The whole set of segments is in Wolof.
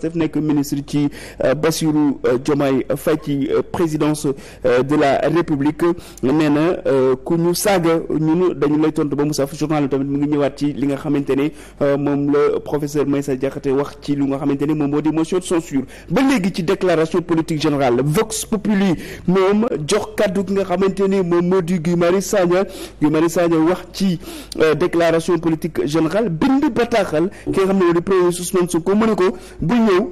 def nekk ministre ci euh, Bassirou euh, Diomaye Faye ci euh, présidence de la République nee na ku ñu saaga ñun dañu lay tontu ba mu saf journal tamit mu ngi ñëwaat ci li nga xamante ne moom la professeur Maïssa Diakhaté wax ci lu nga xamante ne moom moo di motion de censure léegi ci déclaration politique générale Vox Populi moom jox kaddu ki nga xamante ne moom moo di Guy Marius Sagna Guy Marius Sagna wax ci déclaration politique générale bind bataaxal ki nga xam ne moo di premier Ousmane Sonko mu ne ko ñëw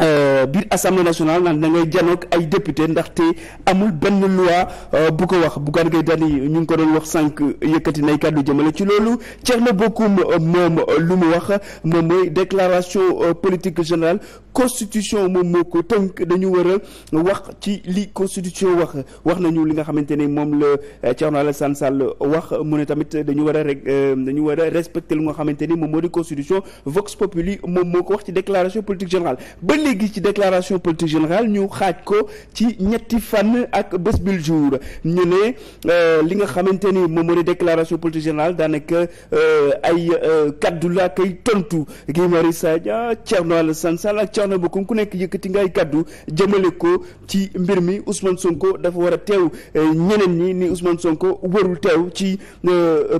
Euh, biir assemblée nationale naan da ngay janoog ay député ndaxte amul benn loi euh, bu ko wax Bougane Gueye Dany ñu ngi ko doon wax sànq yëkkati nay kàddu jëmale ci loolu Thierno Bocoum euh, moom lu mu wax moom mooy déclaration politique générale constitution moom moo ko tënk dañu war a wax ci li constitution wax wax nañu li nga xamante ne moom la Thierno Alassane Sall wax mu ne tamit dañu war a rek dañu war a respecter li nga xamante ni moom moo di constitution Vox Populi moom moo ko wax ci déclaration politique générale léegi ci déclaration politique générale ñu xaaj ko ci ñetti fan ak bés bil jour ñu ne euh, li nga xamante ni moom moo di déclaration politique générale daanaka euh, ay euh, kaddu la kay tontu Guy Marius Sagna Thierno Alassane Sall ak Thierno Bocoum ku nekk yëkkati ngay kaddu jëmale ko ci mbir mi Ousmane Sonko dafa war a teew ñeneen ñi ni Ousmane Sonko warul teew ci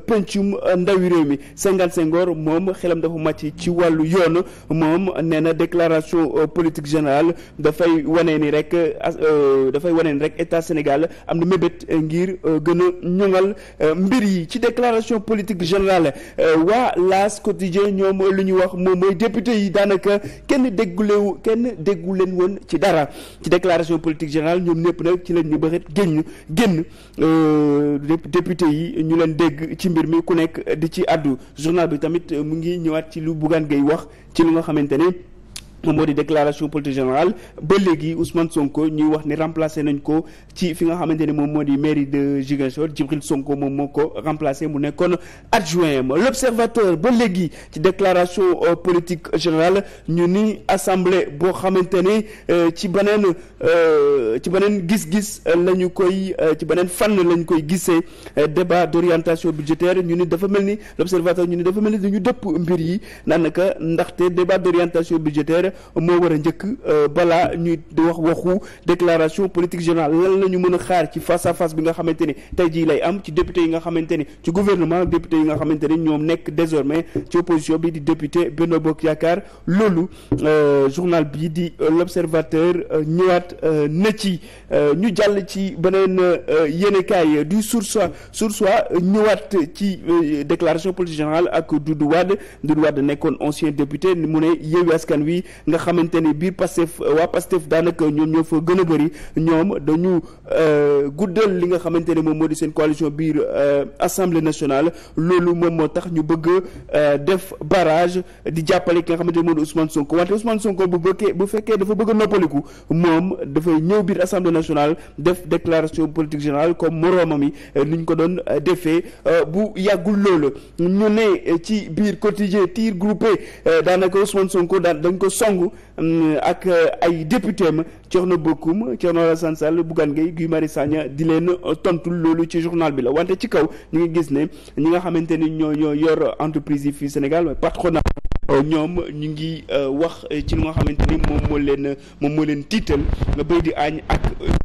pencum ndawi réew mi Senghane Senghor moom xelam dafa màcc ci wàllu yoon moom nee na déclaration politique général dafay wane ni rek euh, dafay wane rek état Sénégal am na mébét euh, ngir euh, gën a ñoŋal mbir yi ci déclaration politique générale waa L'As quotidien ñoom lu ñu wax moom mooy député daanaka kenn déggulewu kenn déggu leen woon ci dara ci politique générale ñoom ñëpp nag ci lañ ñu bëxet génn génn député yi ñu leen dégg ci mbir mi ku nekk di ci àddu journal bi tamit mu ngi ñëwaat ci lu Bougane Gueye wax ci li nga xamante ne moom moo di déclaration politique générale ba léegi Ousmane Sonko ñuy wax ni remplacé nañ ko ci fi nga xamante ne moom moo di mairie de Ziguinchor Djibril Sonko moom moo ko remplacé mu nekkoon adjoint ma l'observateur ba léegi ci déclaration euh, politique générale ñu ni assemblée boo xamante ne euh, ci beneen euh, ci beneen gis-gis la ñu koy ci beneen fan la koy gisee débat d'orientation budgétaire ñu ni dafa mel ni l'observateur ñu ni dafa mel ni dañu dëpp mbir yi daanaka ndaxte débat d'orientation budgétaire moo war a njëkk euh, balaa ñuy di wax waxu déclaration politique générale lan la ñu mën a xaar ci face à face bi nga xamante ni tey jii lay am ci député yi nga xamante ni ci gouvernement député yi nga xamante ni ñoom nekk désormais ci opposition bi di député Benno Bokk Yaakaar loolu euh, journal bi di euh, l'observateur ñëwaat na ci ñu jàll ci beneen yéenekaay du Source A Source A ñëwaat ci déclaration politique générale ak Doudou Wade Doudou Wade nekkoon ancien député mu ne Yewwi Wi nga xamante ni biir Pastef waa Pastef daanaka ñoom ñoo fa gën a bëri ñoom dañu euh, guddal li nga xamante ne moom moo di seen coalition biir euh, assemblée nationale loolu moom moo tax ñu bëgg euh, def barrage di jàppale ki nga xamante ne moo di Ousmane Sonko wante Ousmane Sonko bu bëggee bu fekkee dafa bëgg a noppaliku moom dafay ñëw biir assemblée nationale def déclaration politique générale comme moroomam yi nu ñu ko doon defee bu yàggul loolu ñu ne ci biir quotidien tir groupé daanaka Ousmane Sonko songu mm, ak euh, ay député ma Thierno Bocoum Thierno Alassane Sall Bougane Gueye Guy Marius Sagna di leen euh, tontul loolu ci journal bi la wante ci kaw ñu ngi gis ne ñi nga xamante ni ñoo ñoo yor entreprise yi fii Sénégal patronat euh, ñoom ñu ngi wax ci li nga xamante moom moo leen moom moo leen tiital nga béy di añ ak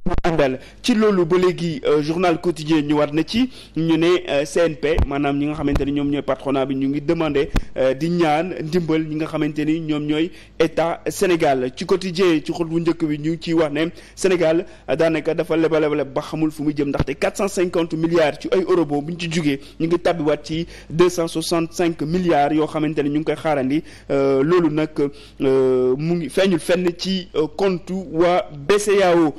mu àndal ci loolu ba léegi euh, journal quotidien ñu war na ci ñu ne euh, CNP maanaam ñi nga xamante ni ñoom ñooy patronat bi ñu ngi demandé euh, di ñaan ndimbal ñi nga xamante ni ñoom ñooy état Sénégal ci quotidien ci xol bu njëkk bi ñu ngi ciy wax ne Sénégal daanaka dafa lebalebale ba xamul fu mu jëm ndaxte quatre cent cinquante milliards ci ay euro bu ñu ci jugee ñu ngi tàbbiwaat ci deux cent soixante cinq milliards yoo xamante ni ñu ngi koy xaarandi loolu nag mu ngi feeñul fenn ci compte waa BCEAO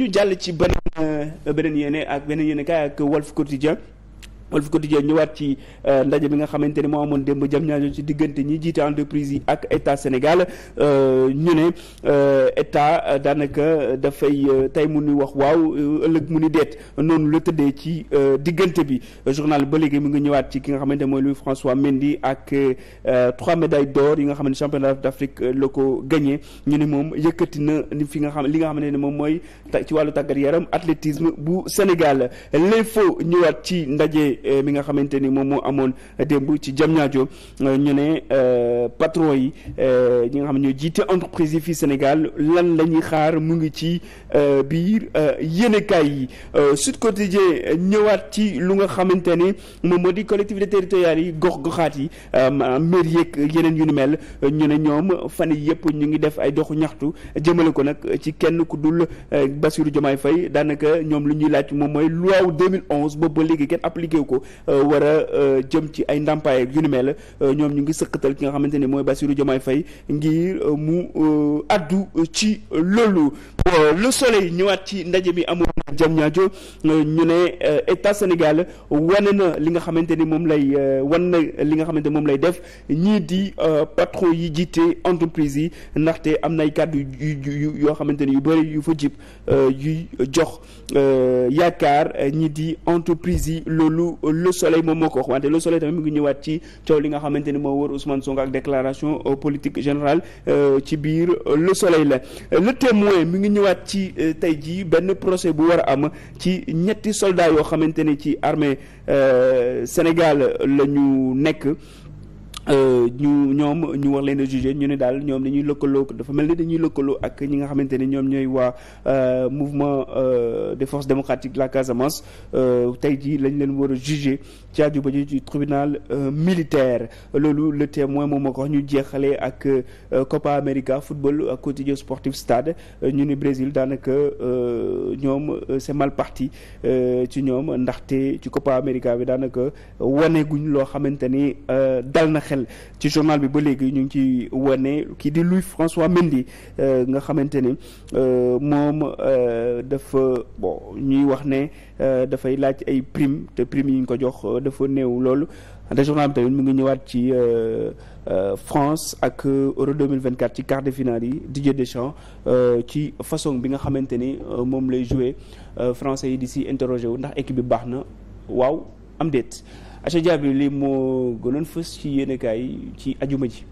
ñu jàll ci beneen euh, beneen yéene ak beneen yéene kaay ak Walf Quotidien Walf Quotidien ñëwaat ci euh, ndaje bi nga xamante ni moo amoon démb jam ñaajo ci diggante ñi jiite entreprise yi ak état Sénégal euh, ñu ne euh, état daanaka dafay tey mu ni wax waaw ëllëg mu ni deet noonu la tëddee ci diggante bi journal ba léegi mu ngi ñëwaat ci ki nga xamante mooy Louis François Mendy ak trois médailles d'or yi nga xam ne championnat d'Afrique la ko gagné ñu ne moom yëkkati na li fi nga xam li nga xam ne moom mooy ci wàllu tàggat yaram athlétisme bu Sénégal l'info ñëwaat ci ndaje Euh, mi nga xamante ni moom moo amoon démb ci Diamniadio euh, ñu ne euh, patron yi ñi nga xam ñoo jiite entreprise yi fii Sénégal lan la ñuy xaar mu ngi ci biir yéenekaay yi Sud Quotidien ñëwaat ci lu nga xamante ni moom moo di collectivités territoriales yi gox goxaat yi mairie yeeg yeneen yu ni mel ñu ne ñoom fan yëpp ñu ngi def ay doxu ñaxtu jëmale ko nag ci kenn ku dul Bassirou Diomaye fay daanaka ñoom lu ñuy laaj moom mooy loi 2011 boobu ba léegi kenn appliqué wu ko euh, war a euh, jëm ci ay ndàmpaay yu ni mel euh, ñoom ñu ngi sëqatal ki nga xamante ni mooy Bassirou Diomaye Faye ngir mu addu ci loolu le soleil ñëwaat ci ndaje bi amoon Diamniadio ñu ne euh, état Sénégal wane na li nga xamante ni moom lay euh, wan na li nga xamante moom lay def ñii di euh, patron yi jiite entreprise yi ndaxte am na ay kàddu yu yoo xamante ni yu bëri yu fa jib yuy jox yaakaar ñii di entreprise yi loolu le soleil moom moo ko wax wante le soleil tamit mu ngi ñëwaat ci coow li nga xamante ni moo wër Ousmane Sonko ak déclaration politique générale ci biir le soleil la le témoin mi ngi ñëwaat ci tey jii benn procès bu war am ci ñetti soldats yoo xamante ni ci armée euh, Sénégal la ñu nekk Euh, ñu ñoom ñu war leen a jugé ñu ne daal ñoom dañuy lëkkaloo dafa mel ni dañuy lëkkaloo ak ñi nga xamante ne ñoom ñooy waa euh, mouvement euh, des forces démocratiques de la Casamance tey jii lañ leen war a jugé ci àjjuma ji ci tribunal militaire loolu le témoin moom moo ko wax ñu jeexalee ak Copa America football ak quotidien sportif stade ñu ne Brésil daanaka ñoom c'est mal parti ci ñoom ndaxte ci Copa America bi daanaka wane loo xamante ni dal na xel ci journal bi ba léegi ñu ngi ci wane kii di Louis François Mendy euh, nga xamante ni euh, moom euh, dafa bon ñuy wax ne dafay laaj ay prime te prime yi ñu ko jox dafa néew loolu te journal bi tamit mu ngi ñëwaat ci France ak Euro 2024 ci quart de finale yi Didier Deschamps ci façon bi nga xamante ni moom lay jouer français yi di si interroger wu ndax équipe bi baax na waaw am déet Aïcha Diaby li moo gënoon fës ci yéenekaay yi ci ajuma ji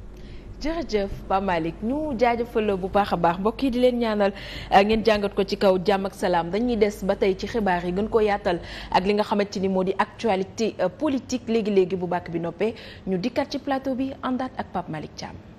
jërëjëf Pape Malick ñu jaajëfal bu baax a baax mbokk yi di leen ñaanal eh, ngeen jàngat ko ci kaw jàmm ak salaam dañuy des ba tey ci xibaar yi gën ko yaatal ak li nga xamante ni moo di actualité eh, politique léegi léegi bu bàkk bi noppee ñu dikkat ci plateau bi àndaat ak Pape Malick Thiam.